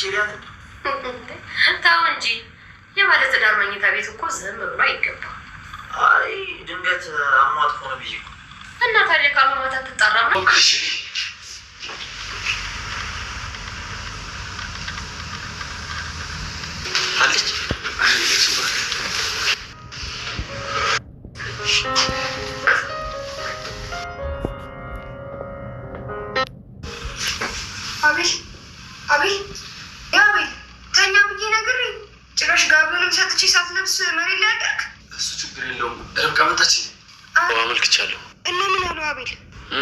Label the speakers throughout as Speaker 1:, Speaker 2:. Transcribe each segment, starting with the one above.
Speaker 1: ይችላል።
Speaker 2: ተው እንጂ የባለ ትዳር መኝታ ቤት እኮ ዝም ብሎ አይገባም።
Speaker 1: አይ ድንገት አሟት ሆነ ብዬ
Speaker 2: እና ታዲያ ካመማት አትጣራም
Speaker 1: ነው አለች አቤል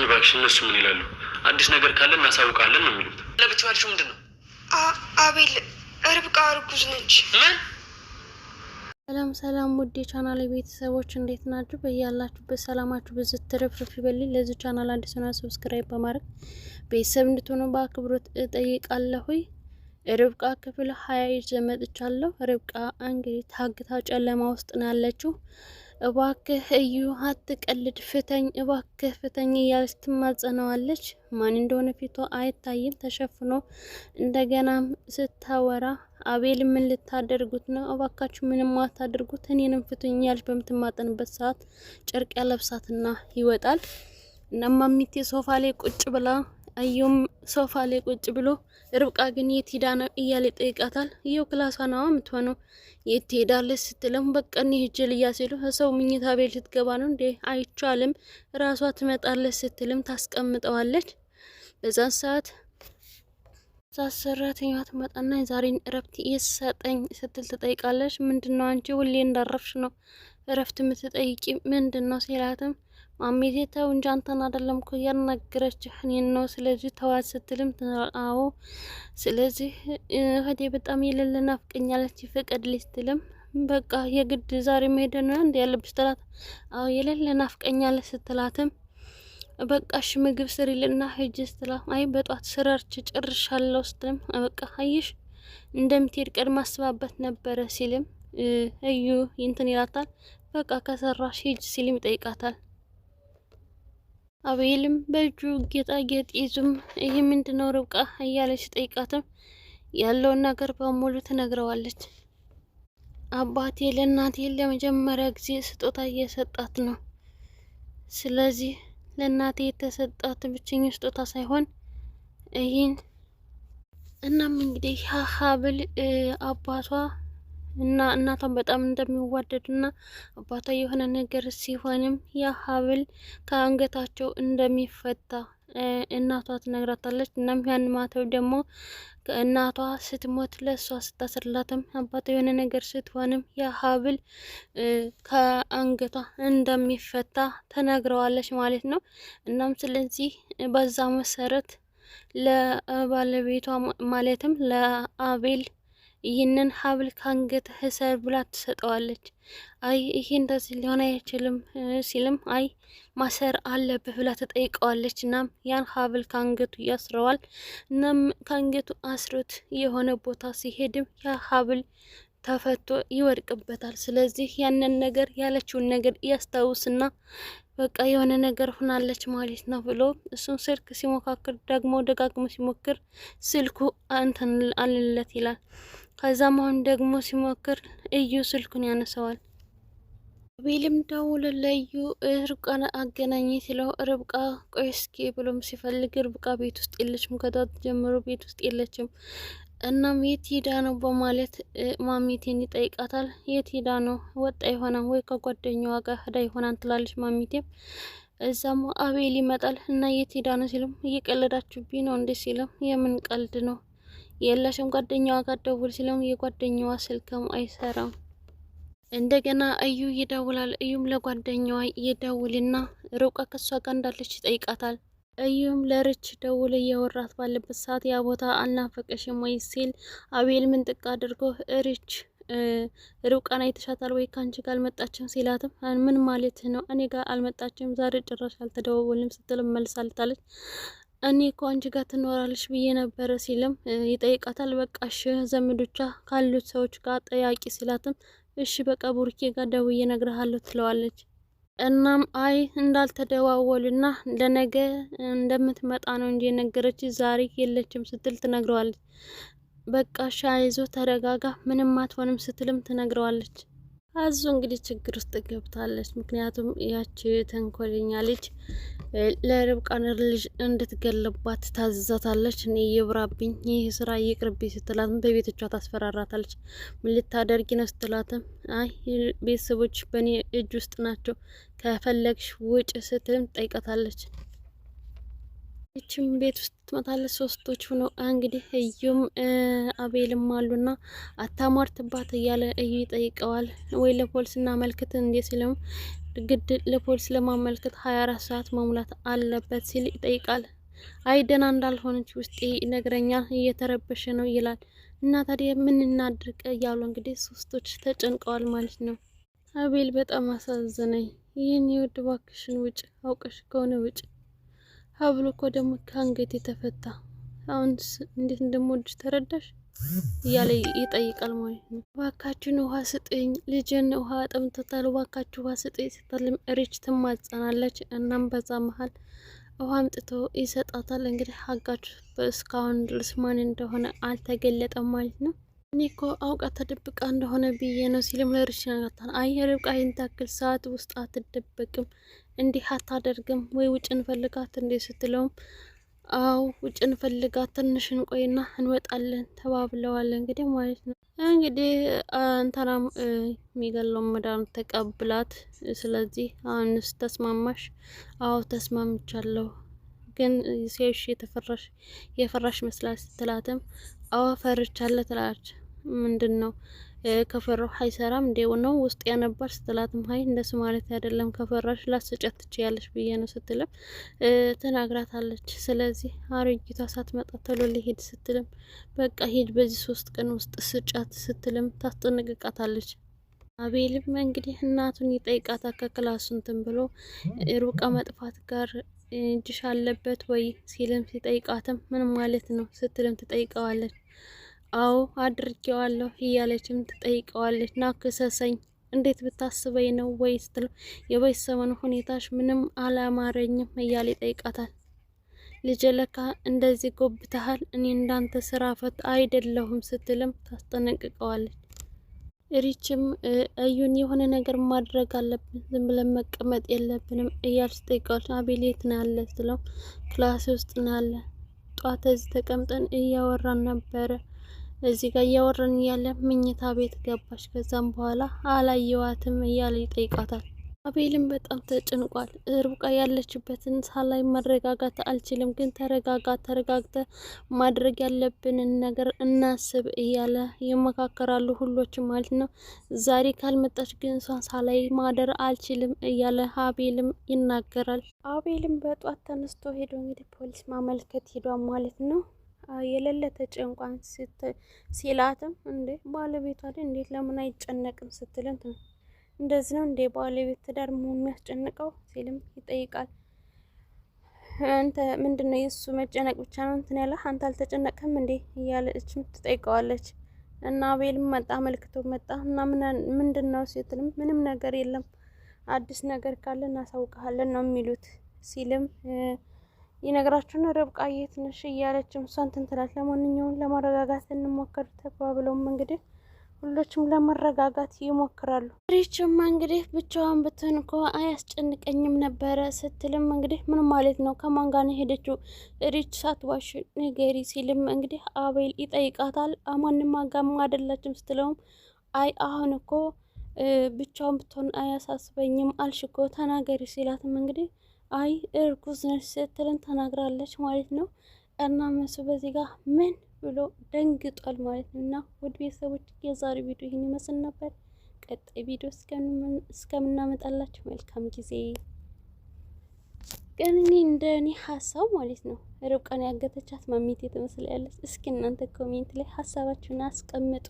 Speaker 1: እባክሽ፣ እነሱ ምን ይላሉ? አዲስ ነገር ካለ እናሳውቃለን ነው የሚሉት። ለብቻ ያልሽው ምንድን ነው?
Speaker 3: አቤል እርብቃ እርጉዝ ነች።
Speaker 1: ምን?
Speaker 4: ሰላም ሰላም፣ ውድ የቻናል ቤተሰቦች እንዴት ናችሁ? በያላችሁበት ሰላማችሁ ብዙ ትርፍርፍ ይበልኝ። ለዚህ ቻናል አዲስ ሆና ሰብስክራይብ በማድረግ ቤተሰብ እንድትሆኑ በአክብሮት እጠይቃለሁ። ርብቃ ክፍል ሀያ ይዤ መጥቻለሁ። ርብቃ እንግዲህ ታግታ ጨለማ ውስጥ ነው ያለችው። እባክህ እዩ አትቀልድ፣ ፍተኝ፣ እባክህ ፍተኝ እያለች ትማጸነዋለች። ማን እንደሆነ ፊቷ አይታይም ተሸፍኖ፣ እንደገናም ስታወራ አቤል ምን ልታደርጉት ነው? እባካችሁ ምንም አታደርጉት፣ እኔንም ፍቱኝ እያለች በምትማጠንበት ሰዓት ጨርቅ ያለብሳትና ይወጣል እና ማሚቴ ሶፋ ላይ ቁጭ ብላ አዩም ሶፋ ላይ ቁጭ ብሎ ርብቃ ግን የት ሄዳ ነው እያለ ይጠይቃታል። ይኸው ክላሷ ነዋ የምትሆነው የት ትሄዳለች ስትለም በቃ እኔ ሂጅ ልያ ሲሉ ሰው ምኝታ ቤት ልትገባ ነው እንዴ አይቻልም፣ ራሷ ትመጣለች ስትልም ታስቀምጠዋለች። በዛን ሰዓት ዛት ሰራተኛ ትመጣና የዛሬን እረፍት የሰጠኝ ስትል ትጠይቃለች። ምንድነው አንቺ ሁሌ እንዳረፍሽ ነው እረፍት የምትጠይቂ ምንድን ነው ሲላትም ማሚዜ ተው እንጂ አንተን አይደለም እኮ ያናገረችህ እኔን ነው። ስለዚህ ተዋት ስትልም አዎ፣ ስለዚህ እህቴ በጣም የሌለ ናፍቀኛለች ፍቀድልኝ ስትልም በቃ የግድ ዛሬ መሄድ ነው እንዴ ያለብሽ ትላት። አዎ የሌለ ናፍቀኛለች ስትላትም በቃ እሺ ምግብ ስሪልና ሂጂ ስትላት አይ በጧት ስራርች ጭርሻለሁ ስትልም በቃ አየሽ እንደምትሄድ ቀድማ አስባበት ነበረ ሲልም እዩ እንትን ይላታል። በቃ ከሰራሽ ሂጂ ሲልም ይጠይቃታል። አቤልም በእጁ ጌጣጌጥ ይዙም ይህ ምንድነው ርብቃ እያለች ጠይቃትም ያለውን ነገር በሙሉ ትነግረዋለች። አባቴ ለእናቴ ለመጀመሪያ ጊዜ ስጦታ እየሰጣት ነው። ስለዚህ ለእናቴ የተሰጣት ብቸኛ ስጦታ ሳይሆን ይህን እናም እንግዲህ ሀሀብል አባቷ እና እናቷን በጣም እንደሚዋደዱና አባቷ የሆነ ነገር ሲሆንም ያ ሀብል ከአንገታቸው እንደሚፈታ እናቷ ትነግራታለች። እናም ያን ማተብ ደግሞ እናቷ ስትሞት ለእሷ ስታስርላትም አባቷ የሆነ ነገር ስትሆንም ያ ሀብል ከአንገቷ እንደሚፈታ ተነግረዋለች ማለት ነው። እናም ስለዚህ በዛ መሰረት ለባለቤቷ ማለትም ለአቤል ይህንን ሀብል ከአንገትህ እሰር ብላ ትሰጠዋለች። አይ ይሄ እንደዚህ ሊሆን አይችልም ሲልም አይ ማሰር አለብህ ብላ ተጠይቀዋለች። እናም ያን ሀብል ከአንገቱ ያስረዋል። እናም ከአንገቱ አስሮት የሆነ ቦታ ሲሄድም ያ ሀብል ተፈቶ ይወድቅበታል። ስለዚህ ያንን ነገር ያለችውን ነገር ያስታውስና በቃ የሆነ ነገር ሆናለች ማለት ነው ብሎ እሱን ስልክ ሲሞካክር ደግሞ ደጋግሞ ሲሞክር ስልኩ እንትን አልለት ይላል። ከዛም አሁን ደግሞ ሲሞክር እዩ ስልኩን ያነሰዋል። ቢልም ደውሎ ለዩ ርብቃን አገናኝ ሲለው ርብቃ ቆይ እስኪ ብሎም ሲፈልግ ርብቃ ቤት ውስጥ የለችም። ከጧት ጀምሮ ቤት ውስጥ የለችም። እናም የት ሄዳ ነው በማለት ማሚቴን ይጠይቃታል። የት ሄዳ ነው ወጣ ይሆና ወይ ከጓደኛዋ ጋር ህዳ ይሆናን ትላለች። ማሚቴም እዛም አቤል ይመጣል እና የት ሄዳ ነው ሲልም እየቀለዳችሁብኝ ነው እንዴ ሲልም የምን ቀልድ ነው የለሽም ጓደኛዋ ጋር ደውል ሲልም የጓደኛዋ ስልክም አይሰራም። እንደገና እዩ ይደውላል። እዩም ለጓደኛዋ ይደውልና ሩቃ ከሷ ጋር እንዳለች ይጠይቃታል። እዩም ለርች ደውል እየወራት ባለበት ሰዓት ያ ቦታ አልናፈቀሽም ወይ ሲል አቤል ምን ጥቅ አድርጎ ርች ሩቃና የተሻታል ወይ ካንቺ ጋር አልመጣችም ሲላትም ምን ማለት ነው እኔ ጋር አልመጣችም ዛሬ ጭራሽ አልተደዋወልንም ስትል መልሳልታለች። እኔ እኮ አንቺ ጋር ትኖራለች ብዬ ነበረ ሲልም ይጠይቃታል። በቃሽ እሺ ዘመዶቿ ካሉት ሰዎች ጋር ጠያቂ ሲላትም እሺ በቃ ቡርኬ ጋር ደውዬ እነግርሃለሁ ትለዋለች። እናም አይ እንዳልተደዋወሉና ለነገ እንደምትመጣ ነው እንጂ የነገረች ዛሬ የለችም ስትል ትነግረዋለች። በቃ እሺ ተረጋጋ፣ ምንም አትሆንም ስትልም ትነግረዋለች። አዙ እንግዲህ ችግር ውስጥ ገብታለች። ምክንያቱም ያቺ ተንኮለኛ ልጅ ለርብቃን ልጅ እንድትገለባት ታዝዛታለች። እኔ ይብራብኝ ይህ ስራ ይቅርብኝ ስትላትም በቤቶቿ ታስፈራራታለች። ምን ልታደርጊ ነው ስትላትም አይ ቤተሰቦች በእኔ እጅ ውስጥ ናቸው ከፈለግሽ ውጭ ስትልም ጠይቀታለች። ይችም ቤት ውስጥ ትመጣለች። ሶስቶች ሆኖ እንግዲህ እዩም አቤልም አሉና አታሟርትባት እያለ እዩ ይጠይቀዋል። ወይ ለፖሊስ እና መልክት እንዴ ሲለም ግድል ለፖሊስ ለማመልከት 24 ሰዓት መሙላት አለበት ሲል ይጠይቃል። አይ ደህና እንዳልሆነች ውስጤ ይነግረኛል፣ እየተረበሸ ነው ይላል። እና ታዲያ ምን እናድርግ እያሉ እንግዲህ ሶስቶች ተጨንቀዋል ማለት ነው። አቤል በጣም አሳዘነኝ። ይህን የውድ ባክሽን ውጭ አውቀሽ ከሆነ ውጭ ሀብሉ እኮ ደግሞ ከአንገት የተፈታ አሁን እንዴት እንደምወድሽ ተረዳሽ? እያለ ይጠይቃል ማለት ነው። እባካችን ውሃ ስጠኝ፣ ልጅን ውሃ ጠምቶታል፣ እባካችሁ ውሃ ስጠኝ ስትልም ሪች ትማጸናለች። እናም በዛ መሀል ውሃ አምጥቶ ይሰጣታል። እንግዲህ ሀጋች እስካሁን ድረስ ማን እንደሆነ አልተገለጠም ማለት ነው። እኔ እኮ አውቃ ተደብቃ እንደሆነ ብዬ ነው ሲልም ለርሽ ነገርታል። አየ ርብቃ ይህን ታክል ሰዓት ውስጥ አትደበቅም፣ እንዲህ አታደርግም ወይ ውጭ እንፈልጋት እንዲህ ስትለውም አው ውጭ እንፈልጋት ትንሽ እንቆይና እንወጣለን ተባብለዋል። እንግዲህ ማለት ነው እንግዲህ እንትና የሚገለው መድኃኒት ተቀብላት። ስለዚህ አሁንስ ተስማማሽ? አዎ ተስማምቻለሁ፣ ግን ሴሽ የተፈራሽ የፈራሽ መስላት ስትላትም አዎ ፈርቻለሁ ትላለች። ምንድን ነው ከፈራሁ አይሰራም እንዴ ነው ውስጥ ያነባር ስትላትም ሀይ እንደሱ ማለት አይደለም ከፈራሽ ላስጨት ትችያለሽ ብዬ ነው ስትልም ተናግራታለች። ስለዚህ አሮጊቷ ሳትመጣ ተሎ ሊሄድ ስትልም በቃ ሄድ በዚህ ሶስት ቀን ውስጥ ስጫት ስትልም ታስጠነቅቃታለች። አቤልም እንግዲህ እናቱን ይጠይቃታ ከክላሱ እንትን ብሎ ሩቃ መጥፋት ጋር እጅሽ አለበት ወይ ሲልም ሲጠይቃትም ምን ማለት ነው ስትልም ትጠይቀዋለች። አዎ አድርጌዋለሁ እያለችም ትጠይቀዋለች። ና ክሰሰኝ እንዴት ብታስበኝ ነው ወይ ስትለው የቤተሰቡን ሁኔታሽ ምንም አላማረኝም እያለ ይጠይቃታል። ልጄ ለካ እንደዚህ ጎብተሃል፣ እኔ እንዳንተ ስራ ፈት አይደለሁም ስትልም ታስጠነቅቀዋለች። ሪችም እዩን የሆነ ነገር ማድረግ አለብን፣ ዝም ብለን መቀመጥ የለብንም እያለች ትጠይቀዋለች። አቤሌት የት ነው ያለ ስትለው ክላስ ውስጥ ነው ያለ፣ ጧት እዚህ ተቀምጠን እያወራን ነበረ እዚህ ጋር እያወረን እያለ ምኝታ ቤት ገባች። ከዛም በኋላ አላየዋትም እያለ ይጠይቃታል። አቤልም በጣም ተጭንቋል ርብቃ ያለችበትን ሳላይ መረጋጋት አልችልም፣ ግን ተረጋጋ፣ ተረጋግተ ማድረግ ያለብንን ነገር እናስብ እያለ ይመካከራሉ። ሁሎችም ማለት ነው። ዛሬ ካልመጣች ግን እሷን ሳላይ ማደር አልችልም እያለ አቤልም ይናገራል። አቤልም በጧት ተነስቶ ሄዶ እንግዲህ ፖሊስ ማመልከት ሄዷል ማለት ነው። የሌለ ተጨንቋን ሲላትም እንዴ ባለቤቷ አይደል እንዴት ለምን አይጨነቅም ስትልም እንደዚህ ነው እንዴ ባለቤት ትዳር መሆኑ የሚያስጨንቀው ሲልም ይጠይቃል። አንተ ምንድን ነው የእሱ መጨነቅ ብቻ ነው እንትን ያለ አንተ አልተጨነቅህም እንዴ እያለችም ትጠይቀዋለች። እና አቤልም መጣ መልክቶ መጣ እና ምንድን ነው ሲትልም፣ ምንም ነገር የለም አዲስ ነገር ካለ እናሳውቀሃለን ነው የሚሉት ሲልም ይነግራችሁን ርብቃዬ ትንሽ እያለችም እሷን ትንትላት። ለማንኛውም ለማረጋጋት እንሞከር ተባብለውም እንግዲህ ሁሎችም ለመረጋጋት ይሞክራሉ። ሪችም እንግዲህ ብቻዋን ብትሆን እኮ አያስጨንቀኝም ነበረ ስትልም እንግዲህ ምን ማለት ነው ከማን ጋር ነው ሪች ሳትዋሽ ንገሪ ሲልም እንግዲህ አቤል ይጠይቃታል። አማንም አጋም አይደላችም ስትለውም አይ አሁን እኮ ብቻውን ብትሆን አያሳስበኝም አልሽኮ ተናገሪ ሲላትም እንግዲህ አይ እርጉዝ ነች ስትልን ተናግራለች ማለት ነው። እና መሱ በዚህ ጋር ምን ብሎ ደንግጧል ማለት ነው። እና ውድ ቤተሰቦች የዛሬ ቪዲዮ ይህን ይመስል ነበር። ቀጣይ ቪዲዮ እስከምናመጣላችሁ መልካም ጊዜ። ግን እኔ እንደ እኔ ሀሳብ ማለት ነው ርብቃን ያገተቻት ማሚቴ ያለች እስኪ እናንተ ኮሜንት ላይ ሀሳባችሁን አስቀምጡ።